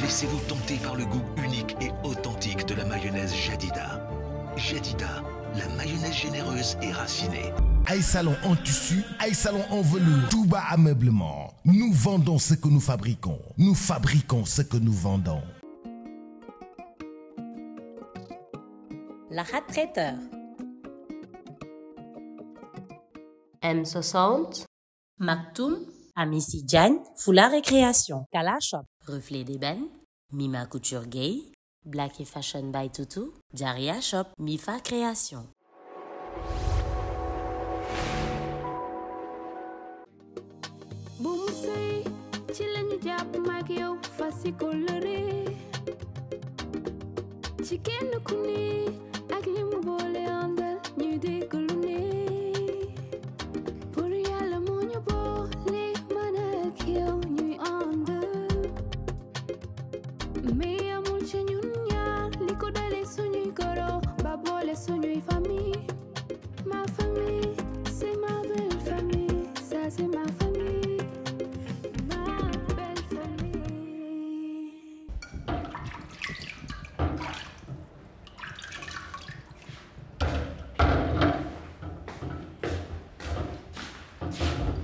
Laissez-vous tenter par le goût unique et authentique de la mayonnaise Jadida. Jadida, la mayonnaise généreuse et racinée. Aïe Salon en tissu, Aïe Salon en velours, tout bas ameublement. Nous vendons ce que nous fabriquons. Nous fabriquons ce que nous vendons. La Traiteur. M60, Maktoum, Amici Jan Foulard et Création, Kala Shop, Reflet d'Ébène, Mima Couture Gay, Black et Fashion by Tutu, Jaria Shop, Mifa Création.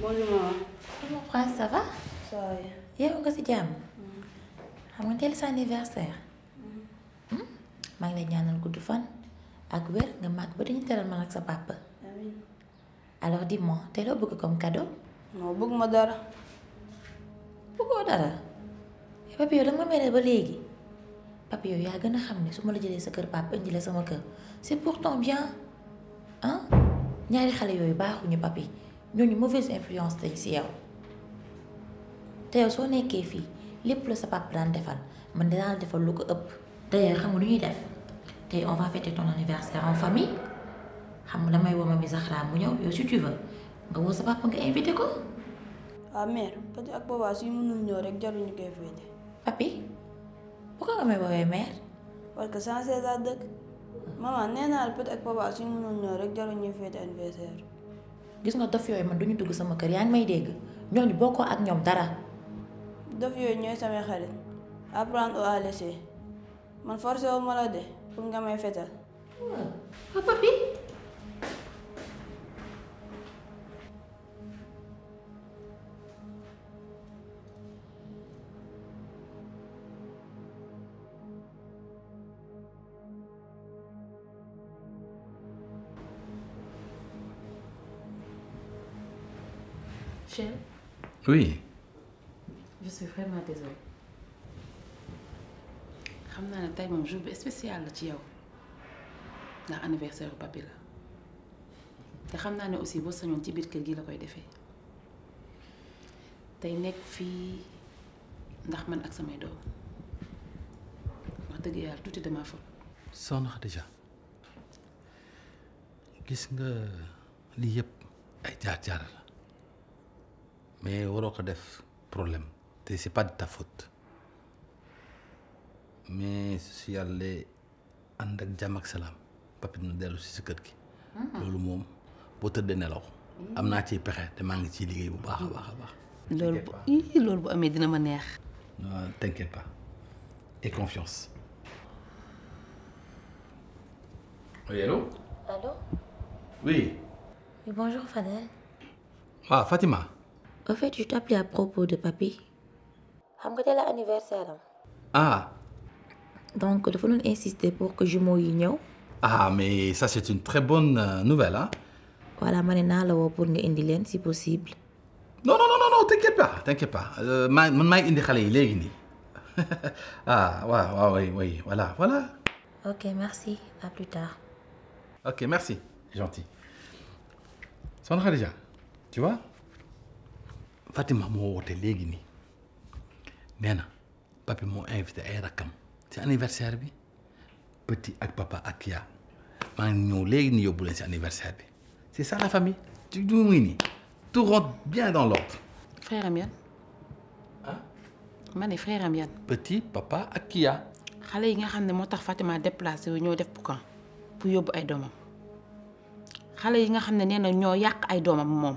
bonjour maman. Bonjour prince, ça va Ça va. yow nga si jàmm. xam nga teel sa anniversaire. Mm. Hmm? maa ngi lay ñaanal gudd fan ak wér nga màgg ba dañu teral man ak sa papa. amiin. alors dis-moi tey loo bëgg comme cadeau. non bëgg ma dara. bëggoo dara. Eh, papi yow danga ma ba léegi. papi yow yaa gën a xam ne la jëlé sa kër papa indi la sama kër c'est pour ton bien Hein ñaari xale baaxu ñu papi. ñooñu mauvaise influence lañ si yow te yow soo nekkee fii lépp la sa papa daan defal man dinaa la defal lu ko ëpp. d'ailleurs xam nga ñuy def tey on va ton anniversaire en famille xam nga damay woo ma mi Zahra mu ñëw yow si tu veux nga woo sa papa nga invité ko. waaw ah, mère parce ak boobaa suy mënul ñëw rek jarul ñu koy féete. papi bu que sans cesse dëkk maman nee naa ak papa suy mënul ñëw rek jarul ñuy féete anniversaire. gis nga dof yooyu man duñu dugg sama kër yaa ngi may dégg ñooñu bokkoo ak ñoom dara. dof yooyu ñooy samay xarit apprendre à laisser man forcé la de pour nga may fetal. Ah, Oui. Je suis vraiment désolée. Je sais que c'est un jour spécial pour toi. C'est l'anniversaire de papi la te xam naa ne aussi boo sañoon ci biir kër gi la koy defee tey nekk fii ndax man ak samay doom wax dëgg yàlla tuuti dama fot soxna Xadija gis nga li yëpp ay jaar-jaar la mais waroo ko def problème té c'est pas de ta faute mais si yalle ànd ak jàmm ak salaam papi dina delu ci sa kër gi. Hmm. loolu mom bo tëddee nelaw. amna ci pexé té te ci ngi liggéey bu baax a baax a baax. bu ii loolu bu amee dina ma neex. non t'inquiète pas et confiance. oui allô. allô. oui. oui bonjour Fadel. Ah, Fatima. En fait, je t'appelais à propos de papi. anniversaire ah. donc le faut insister pour que je yi ñëw. ah mais ça c'est une très bonne euh, nouvelle hein? voilà je ne la pour nous indi si possible. non non non non t'inquiète pas t'inquiète pas Je euh, man maa indi de yi ah oui, oui oui voilà voilà. ok merci à plus tard. ok merci gentil. déjà. tu vois. Fatima mo wote léegi ni. Nena, papi mo invité ay rakam. ci anniversaire bi petit ak papa ak Kia maa ngi ni léegi nii anniversaire bi c'est ça la famille. ci du ni. tout rentre bien dans l'ordre. frère am Hein? ah. frère am petit papa ak Kia. Xalé yi nga xamné motax Fatima déplacé ñoo def pour quand? pour yóbbu ay domam. Xalé yi nga xamné ne ñoo yàq ay domam mom.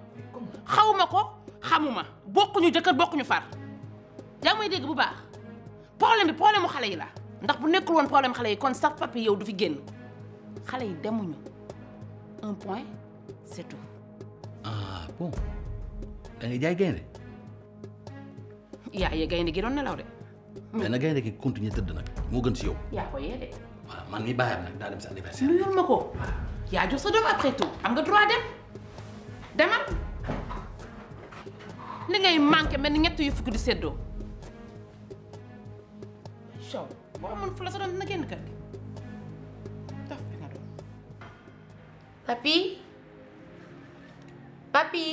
xawma ko xamuma bokkuñu jëkkër bokkuñu far yaa may dégg bu baax problème bi problème xale yi la ndax bu nekkul woon problème xale yi kon sax papi yow du fi génn xale yi demuñu un point c'est tout. ah bon da ngay jaay gaynde. yaa yee gaynde gi doon nelaw de. mais na gaynde gi continuer tëdd nag moo gën si yow. yaa ko yee de. waaw man mi bàyyam nag daa dem sa anniversaire. nuyul ma ko yaa jox sa doom après tout am nga droit dem demal. li ngay manqué mel ni ñett yu fukki di seddo sow boo amoon fu la sa doon na genn kër gi daf bi nga doon. papi papi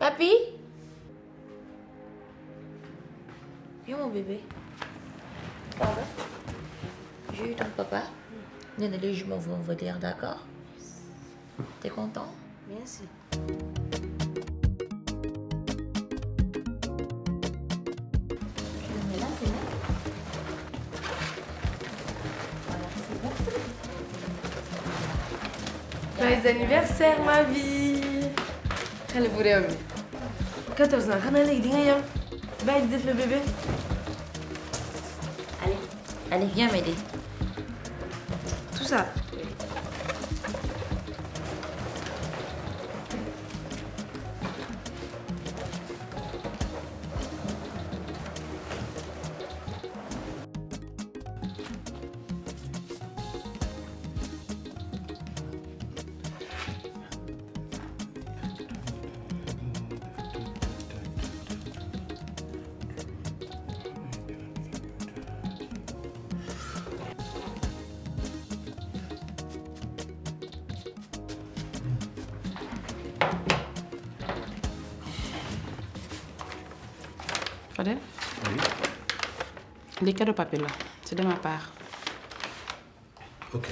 papi. yow mon bébé. papa. j'ai eu ton papa. nee na les juments vont venir d'accord. t'es content. merci. Joyeux anniversaire, ma vie! xale bu vous mi 14 ans xanaa léegi di faire le bébé. Allez, allez, viens m'aider. Tout ça. Fadel Oui. Les cadeaux papier là, c'est de ma part. Ok.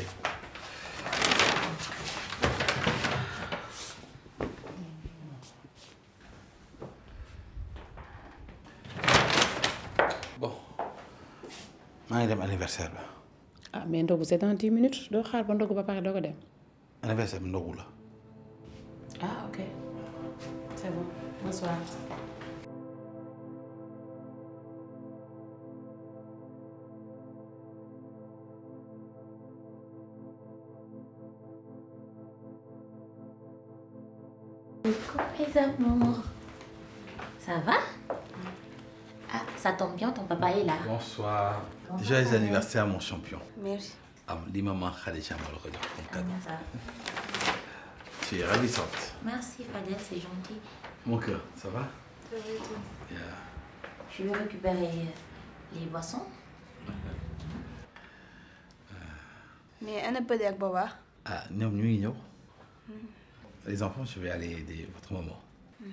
Bon. maa anniversaire ah mais vous êtes dans 10 minutes Je vais ba ndogu ba pare doo ko dem. anniversaire bi ndogu ah ok c'est bon bonsoir. maman, Ça va Ah, ça tombe bien, ton papa est là. Bonsoir. Déjà Joyeux anniversaire, mon champion. Merci. Ah, les mamans Khadija comme ah, cadeau. tu es ravissante. Merci, Fadel, c'est gentil. Mon cœur, ça va Je vais récupérer les boissons. Euh. Mais un peu pas Baba. Ah, non, nous, non. Mm. Les enfants, je vais aller aider votre maman. Mhm.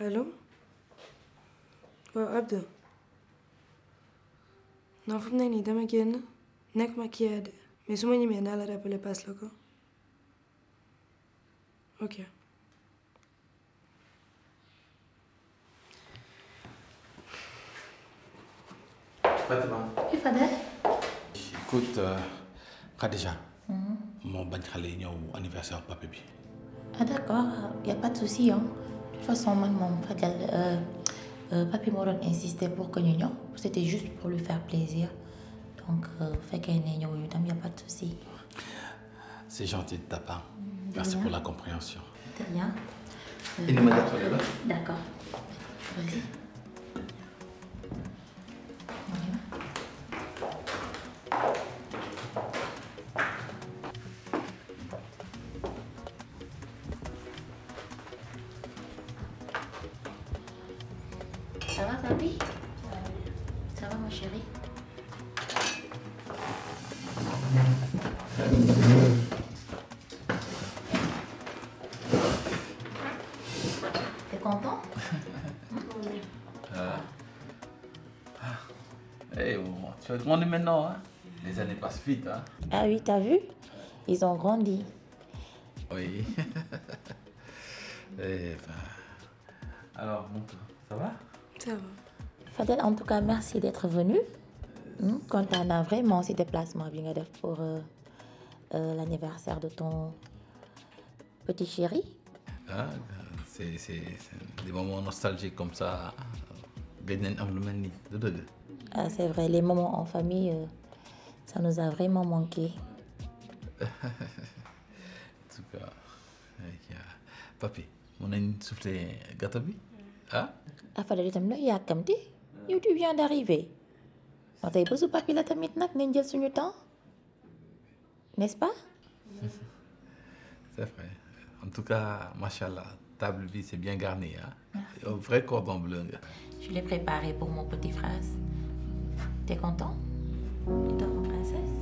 Allô Oh, Abdou. Non, vous n'avez ni de ma de ma Mais vous pas pas ce logo. Ok. Fatima. et Fadel. écoute euh, Khadija. Mhm. mon bañ xale à l'anniversaire anniversaire papa ah d'accord Il n'y a pas de souci hein. de toute façon moi.. moom Fadel euh, euh, papi pour que nous c'était juste pour lui faire plaisir donc fait qu'il ne ñëwuñu Il a pas de souci. c'est gentil de ta part. merci pour la compréhension. de rien. nous ma jàppale là d'accord. Vas-y. Oui, Ça va, ma chérie T'es content hey, ah. eh, oh, Tu vas demander maintenant, hein Les années passent vite, hein Ah oui, t'as vu Ils ont grandi. Oui. Et eh ben... Alors, mon ça va Ça va. Fadel en tout cas merci d'être venu hum, quand on a vraiment ces déplacements, bi pour euh, euh, l'anniversaire de ton petit chéri ah c'est des moments nostalgiques comme ça ah c'est vrai les moments en famille euh, ça nous a vraiment manqué en tout cas papi a une soufflée gâteau bi ah ah Fadel itam la yow tu viens d'arriver ma besoin de papier la tamit nak, nañ jël suñu temps n'est-ce pas c'est vrai en tout cas Masha allah table vie, c'est bien garni hein. un vrai cordon bleu hein. je l'ai préparé pour mon petit Tu t'es content tu dors princesse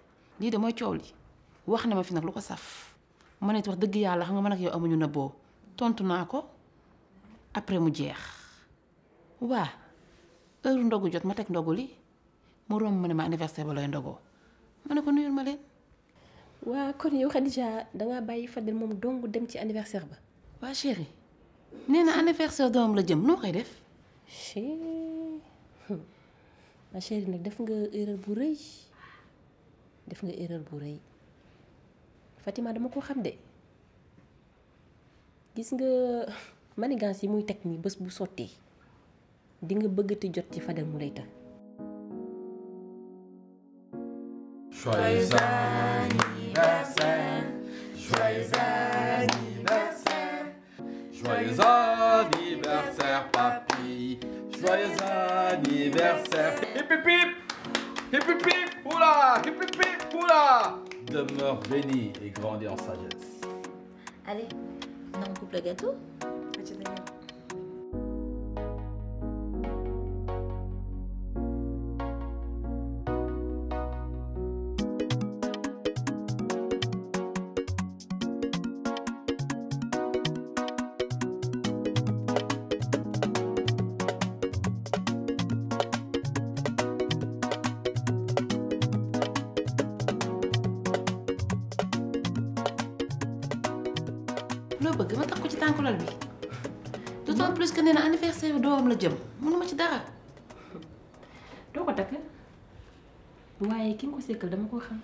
li de moy coow li wax na ma fi nak luko saf ma ne wax dëgg xam nga man ak yow amuñu na boo tontu nako après mu jeex wa euro ndogu jot ma tek ndogu li mu rom ma ma anniversaire ba lay ndogo mané ko nuyul ma kon yow Khadija nga bayyi Fadel mom dong dem ci anniversaire ba. wa chéri nee anniversaire dom la jëm noo koy def. chéri ma chéri nak def nga erreur bu reuy def nga erreur bu reuy Fatima dama ko xam de gis nga manigance yi muy tek ni bes bu soté di nga bëgg ti jot ci fadal mu lay ta Joyeux anniversaire Joyeux anniversaire papi Joyeux anniversaire hip hip hip hip hip Oula Hip Oula Demeure béni et grandis en sagesse. Allez, on coupe le gâteau. loo bëgg ma takk ko ci tànku lal bi d'autant plus que nee na anniversaire doomam la jëm mënuma ci dara. doo ko takk waaye ki ko sekkal dama ko xam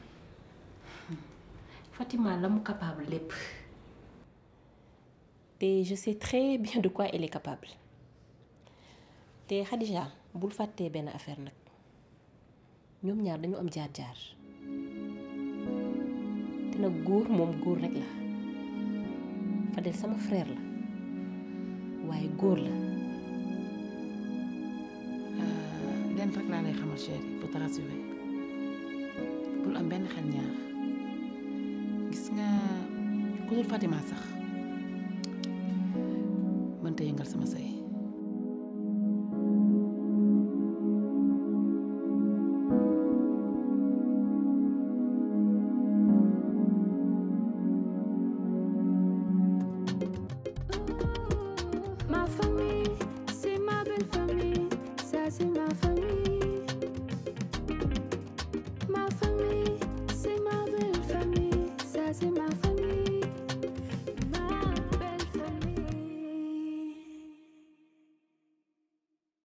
Fatima la capable lépp. te je très bien de quoi elle capable te Khadija bul fàttee benn affaire nag ñoom ñaar dañu am jaar-jaar te nag góor moom góor rekk la. del sama frère la waye góor la euh leen rek laa lay xamal chéri pour te rassurer bul am ben xel ñaar gis nga ko dul Fatima sax man tay yëngal sama sey